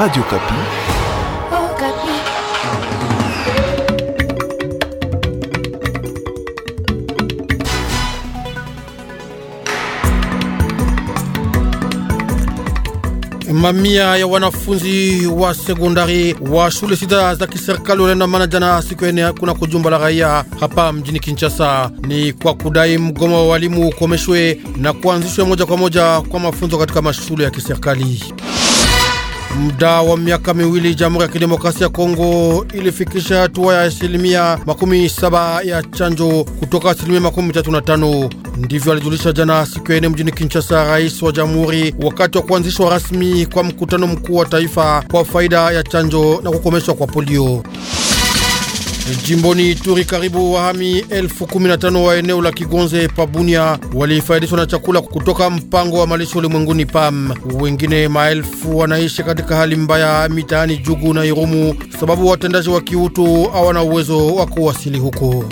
Radio Kapi. Oh, Kapi. Mamia ya wanafunzi wa sekondari wa shule sita za kiserikali waliandamana jana siku ene kuna kujumba la raia hapa mjini Kinshasa, ni kwa kudai mgomo wa walimu ukomeshwe na kuanzishwe moja kwa moja kwa mafunzo katika mashule ya kiserikali. Muda wa miaka miwili Jamhuri ya Kidemokrasia ya Kongo ilifikisha hatua ya asilimia makumi saba ya chanjo kutoka asilimia makumi tatu na tano. Ndivyo alijulisha jana siku ya ine mjini Kinshasa rais wa jamhuri wakati wa kuanzishwa rasmi kwa mkutano mkuu wa taifa kwa faida ya chanjo na kukomeshwa kwa polio. Jimboni Ituri, karibu wahami elfu kumi na tano wa eneo la Kigonze Pabunia walifaidishwa na chakula kutoka mpango wa malisho ulimwenguni PAM. Wengine maelfu wanaishi katika hali mbaya mitaani Jugu na Irumu sababu watendaji wa kiutu hawana uwezo wa kuwasili huko.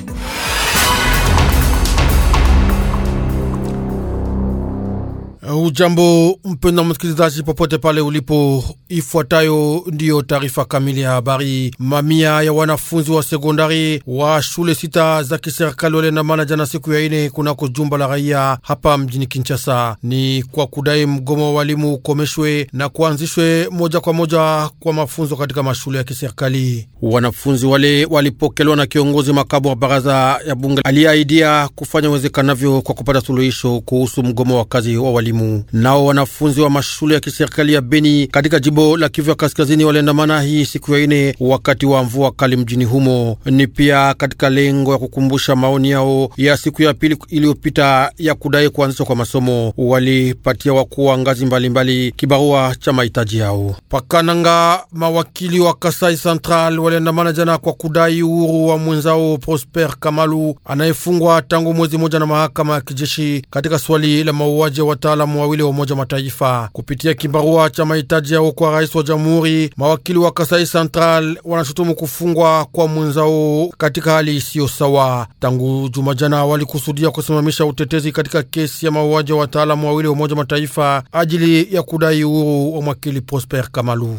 Ujambo mpenda msikilizaji, popote pale ulipo, ifuatayo ndiyo taarifa kamili ya habari. Mamia ya wanafunzi wa sekondari wa shule sita za kiserikali waliandamana jana siku ya ine kunako jumba la raia hapa mjini Kinshasa, ni kwa kudai mgomo wa walimu ukomeshwe na kuanzishwe moja kwa moja kwa mafunzo katika mashule ya kiserikali. Wanafunzi wale walipokelewa na kiongozi makabu wa baraza ya bunge aliyeahidia kufanya uwezekanavyo kwa kupata suluhisho kuhusu mgomo wa kazi wa walimu. Nao wanafunzi wa mashule ya kiserikali ya Beni katika jimbo la Kivu ya Kaskazini waliandamana hii siku ya ine wakati wa mvua kali mjini humo. Ni pia katika lengo ya kukumbusha maoni yao ya siku ya pili iliyopita ya kudai kuanzishwa kwa masomo. Walipatia wakuu wa ngazi mbalimbali kibarua cha mahitaji yao. Pakananga, mawakili wa Kasai Central waliandamana jana kwa kudai uhuru wa mwenzao Prosper Kamalu anayefungwa tangu mwezi moja na mahakama ya kijeshi katika swali la mauaji ya wataalam wataalamu wawili wa Umoja wa Mataifa. Kupitia kibarua cha mahitaji yao kwa rais wa jamhuri, mawakili wa Kasai Central wanashutumu kufungwa kwa mwenzao katika hali isiyo sawa. Tangu Jumajana walikusudia kusimamisha utetezi katika kesi ya mauaji wa wataalamu wawili wa Umoja wa Mataifa ajili ya kudai uhuru wa mwakili Prosper Kamalu.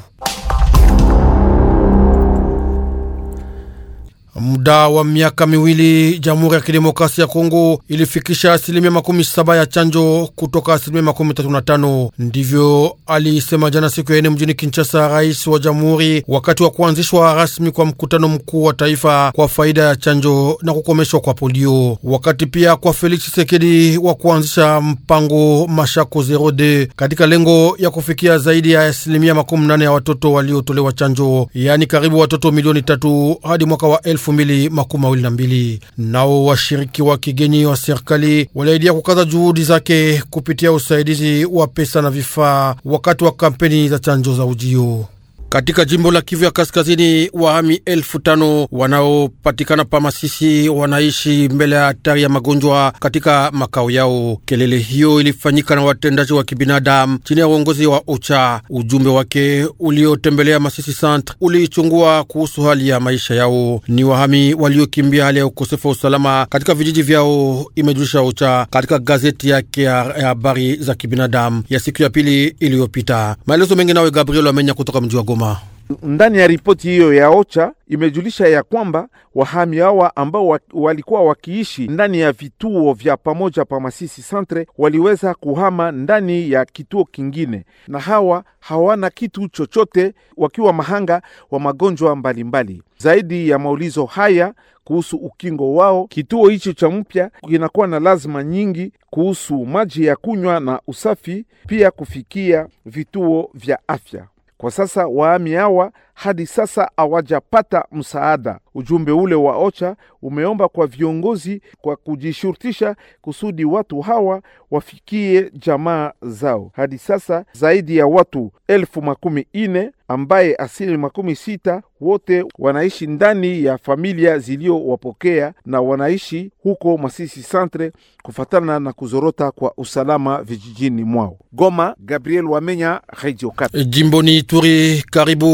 Muda wa miaka miwili, Jamhuri ya Kidemokrasia ya Kongo ilifikisha asilimia makumi saba ya chanjo kutoka asilimia makumi tatu na tano. Ndivyo alisema jana siku ya ine mjini Kinshasa rais wa jamhuri wakati wa kuanzishwa rasmi kwa mkutano mkuu wa taifa kwa faida ya chanjo na kukomeshwa kwa polio, wakati pia kwa Felix Tshisekedi wa kuanzisha mpango Mashako Zerode katika lengo ya kufikia zaidi ya asilimia makumi nane ya watoto waliotolewa chanjo, yaani karibu watoto milioni tatu hadi mwaka wa elfu elfu mbili makumi mawili na mbili. Nao washiriki wa kigeni wa serikali waliaidia kukaza juhudi zake kupitia usaidizi wa pesa na vifaa wakati wa kampeni za chanjo za ujio. Katika jimbo la Kivu ya Kaskazini, wahami elfu tano wanaopatikana pa Masisi wanaishi mbele ya hatari ya magonjwa katika makao yao. Kelele hiyo ilifanyika na watendaji wa kibinadamu chini ya uongozi wa OCHA. Ujumbe wake uliotembelea Masisi Centre uliichungua kuhusu hali ya maisha yao. Ni wahami waliokimbia hali ya ukosefu wa usalama katika vijiji vyao, imejulisha OCHA katika gazeti yake ya habari za kibinadamu ya siku ya pili iliyopita. Maelezo mengi nawe Gabriel Amenya kutoka mji wa Goma. Goma. Ndani ya ripoti hiyo ya OCHA imejulisha ya kwamba wahami hawa ambao walikuwa wakiishi ndani ya vituo vya pamoja pa Masisi Centre waliweza kuhama ndani ya kituo kingine, na hawa hawana kitu chochote, wakiwa mahanga wa magonjwa mbalimbali mbali. Zaidi ya maulizo haya kuhusu ukingo wao, kituo hicho cha mpya kinakuwa na lazima nyingi kuhusu maji ya kunywa na usafi, pia kufikia vituo vya afya. Kwa sasa waami hawa hadi sasa hawajapata msaada. Ujumbe ule wa OCHA umeomba kwa viongozi kwa kujishurutisha kusudi watu hawa wafikie jamaa zao. Hadi sasa zaidi ya watu elfu makumi ine ambaye asili makumi sita wote wanaishi ndani ya familia ziliyowapokea na wanaishi huko Masisi Centre kufatana na kuzorota kwa usalama vijijini mwao. Goma, Gabriel Wamenya, Radio Okapi. Jimboni Ituri, karibu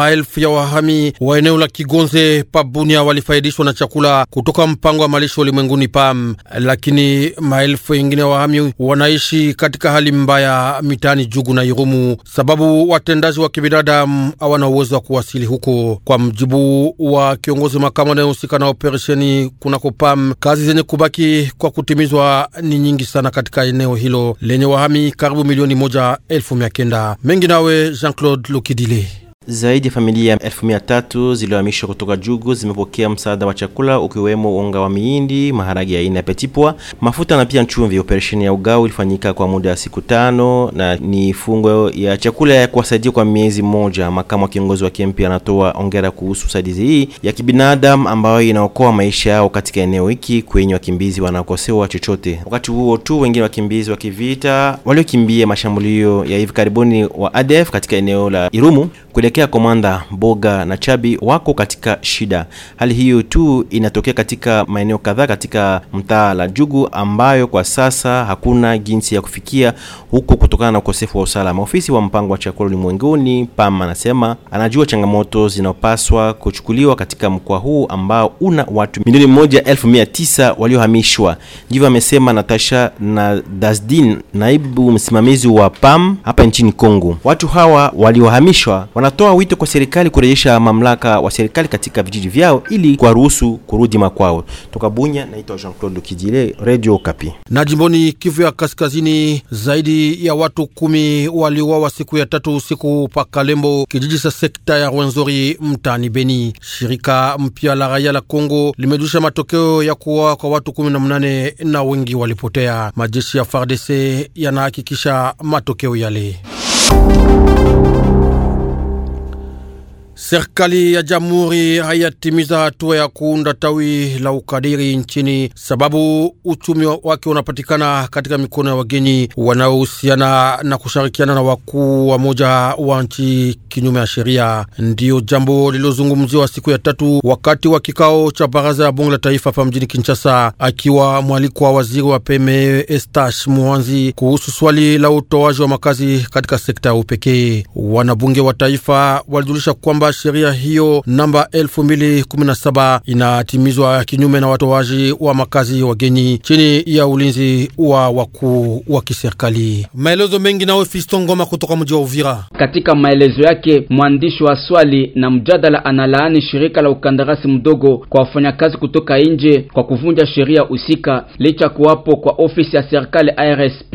maelfu ya wahami wa eneo la Kigonze Pabunia walifaidishwa na chakula kutoka mpango wa malisho ulimwenguni PAM, lakini maelfu yengine ya wahami wanaishi katika hali mbaya mitaani Jugu na Irumu sababu watendaji wa kibinadamu hawana uwezo wa kuwasili huko. Kwa mjibu wa kiongozi makamu anayehusika na operesheni kunako PAM, kazi zenye kubaki kwa kutimizwa ni nyingi sana katika eneo hilo lenye wahami karibu milioni moja elfu mia kenda mengi. Nawe Jean-Claude Lukidile. Zaidi ya familia elfu mia tatu zilizohamishwa kutoka Jugu zimepokea msaada wa chakula ukiwemo unga wa miindi, maharage aina ya petipwa, mafuta na pia chumvi. Operesheni ya ugao ilifanyika kwa muda wa siku tano na ni fungo ya chakula ya kuwasaidia kwa miezi moja. Makamu wa kiongozi wa KMP anatoa ongera kuhusu usaidizi hii ya kibinadamu ambayo inaokoa maisha yao katika eneo hiki kwenye wakimbizi wanaokosewa chochote. Wakati huo tu, wengine wakimbizi wa kivita waliokimbia mashambulio ya hivi karibuni wa ADF katika eneo la Irumu kuelekea Komanda, Boga na Chabi wako katika shida. Hali hiyo tu inatokea katika maeneo kadhaa katika mtaa la Jugu ambayo kwa sasa hakuna jinsi ya kufikia huko kutokana na ukosefu wa usalama. Ofisi wa mpango wa chakula ulimwenguni PAM anasema anajua changamoto zinazopaswa kuchukuliwa katika mkoa huu ambao una watu milioni moja elfu mia tisa waliohamishwa. Ndivyo amesema Natasha na Dasdin, naibu msimamizi wa PAM hapa nchini Kongo. Watu hawa waliohamishwa Wanatoa wito kwa serikali kurejesha mamlaka wa serikali katika vijiji vyao ili kuwaruhusu kurudi makwao. Toka Bunya, naitwa Jean Claude Kidile, Radio Kapi. Na jimboni Kivu ya Kaskazini, zaidi ya watu kumi waliuawa siku ya tatu usiku pa Kalembo, kijiji cha sekta ya Rwenzori mtaani Beni. Shirika mpya la raia la Kongo limejulisha matokeo ya kuwa kwa watu kumi na mnane na wengi walipotea. Majeshi ya FARDC yanahakikisha matokeo yale. Serikali ya jamhuri haiyatimiza hatua ya kuunda tawi la ukadiri nchini, sababu uchumi wake unapatikana katika mikono ya wageni wanaohusiana na kushirikiana na wakuu wa moja wa nchi kinyume ya sheria. Ndiyo jambo lililozungumziwa siku ya tatu wakati wa kikao cha baraza ya bunge la taifa hapa mjini Kinshasa, akiwa mwalikwa waziri wa peme Estash Mwanzi kuhusu swali la utoaji wa makazi katika sekta ya upekee. Wanabunge wa taifa walijulisha kwamba sheria hiyo namba 2017 inatimizwa kinyume na watoaji wa makazi wageni chini ya ulinzi wa wakuu wa kiserikali. Maelezo mengi nawe Fiston Ngoma kutoka mji wa Uvira. Katika maelezo yake, mwandishi wa swali na mjadala analaani shirika la ukandarasi mdogo kwa wafanyakazi kutoka nje kwa kuvunja sheria husika licha kuwapo kwa ofisi ya serikali RSP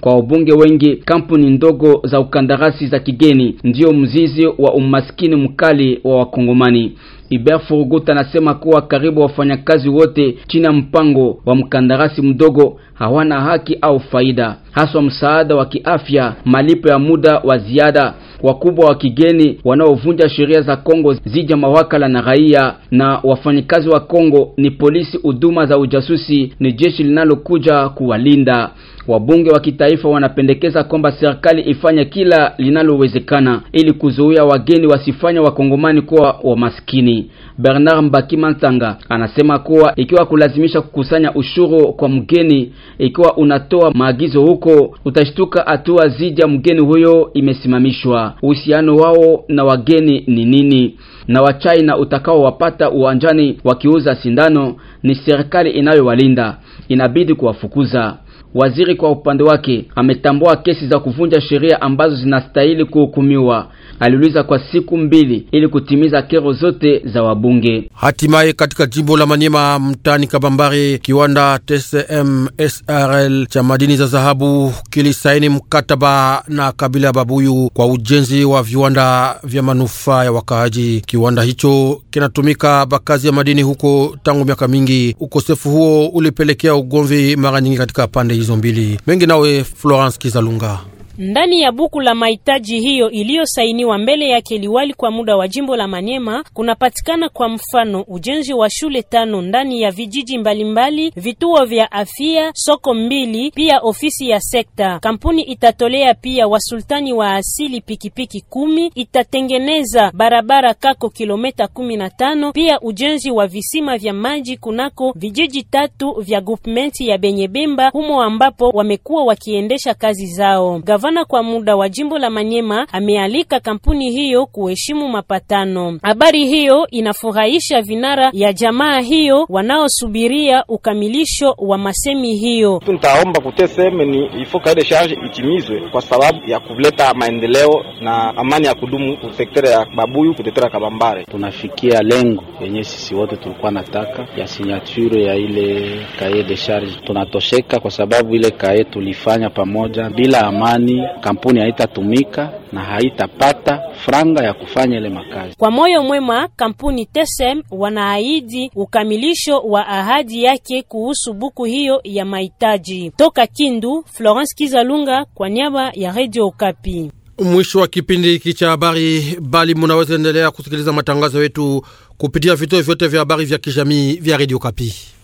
kwa wabunge wengi, kampuni ndogo za ukandarasi za kigeni ndiyo mzizi wa umaskini mkali wa Wakongomani. Iber Furuguta anasema kuwa karibu wafanyakazi wote chini ya mpango wa mkandarasi mdogo hawana haki au faida, haswa msaada wa kiafya, malipo ya muda wa ziada wakubwa wa kigeni wanaovunja sheria za Kongo dhidi ya mawakala na raia na wafanyakazi wa Kongo ni polisi, huduma za ujasusi ni jeshi linalokuja kuwalinda. Wabunge wa kitaifa wanapendekeza kwamba serikali ifanye kila linalowezekana ili kuzuia wageni wasifanya wakongomani kuwa wamaskini. Bernard Mbaki Mantanga anasema kuwa ikiwa kulazimisha kukusanya ushuru kwa mgeni, ikiwa unatoa maagizo huko, utashtuka hatua zidi ya mgeni huyo imesimamishwa. Uhusiano wao na wageni ni nini? na Wachina utakaowapata uwanjani wakiuza sindano, ni serikali inayowalinda, inabidi kuwafukuza. Waziri kwa upande wake ametambua kesi za kuvunja sheria ambazo zinastahili kuhukumiwa. Aliuliza kwa siku mbili ili kutimiza kero zote za wabunge. Hatimaye katika jimbo la Manyema mtani Kabambari, kiwanda TSM SRL cha madini za dhahabu kilisaini mkataba na kabila ya Babuyu kwa ujenzi wa viwanda vya manufaa ya wakaaji. Kiwanda hicho kinatumika bakazi ya madini huko tangu miaka mingi. Ukosefu huo ulipelekea ugomvi mara nyingi katika pande hizo hizo mbili mengi. Nawe Florence Kizalunga. Ndani ya buku la mahitaji hiyo iliyosainiwa mbele yake liwali kwa muda wa jimbo la manyema kunapatikana kwa mfano ujenzi wa shule tano ndani ya vijiji mbalimbali, vituo vya afya, soko mbili, pia ofisi ya sekta. Kampuni itatolea pia wasultani wa asili pikipiki kumi, itatengeneza barabara kako kilometa kumi na tano, pia ujenzi wa visima vya maji kunako vijiji tatu vya groupmenti ya Benyebemba humo ambapo wamekuwa wakiendesha kazi zao Gava gavana kwa muda wa jimbo la Manyema amealika kampuni hiyo kuheshimu mapatano. Habari hiyo inafurahisha vinara ya jamaa hiyo wanaosubiria ukamilisho wa masemi hiyo. Tutaomba kuteseme ni ifo kaide charge itimizwe kwa sababu ya kuleta maendeleo na amani ya kudumu sektere ya Babuyu kutetera Kabambare. Tunafikia lengo yenye sisi wote tulikuwa nataka ya signature ya ile kaide de charge. Tunatosheka kwa sababu ile kaide tulifanya pamoja bila amani hii kampuni haitatumika na haitapata franga ya kufanya ile makazi. Kwa moyo mwema, kampuni Tesem wanaahidi ukamilisho wa ahadi yake kuhusu buku hiyo ya mahitaji. Toka Kindu, Florence Kizalunga kwa niaba ya Radio Okapi. Mwisho wa kipindi hiki cha habari, bali munaweza endelea kusikiliza matangazo yetu kupitia vituo vyote vya habari vya kijamii vya Radio Kapi.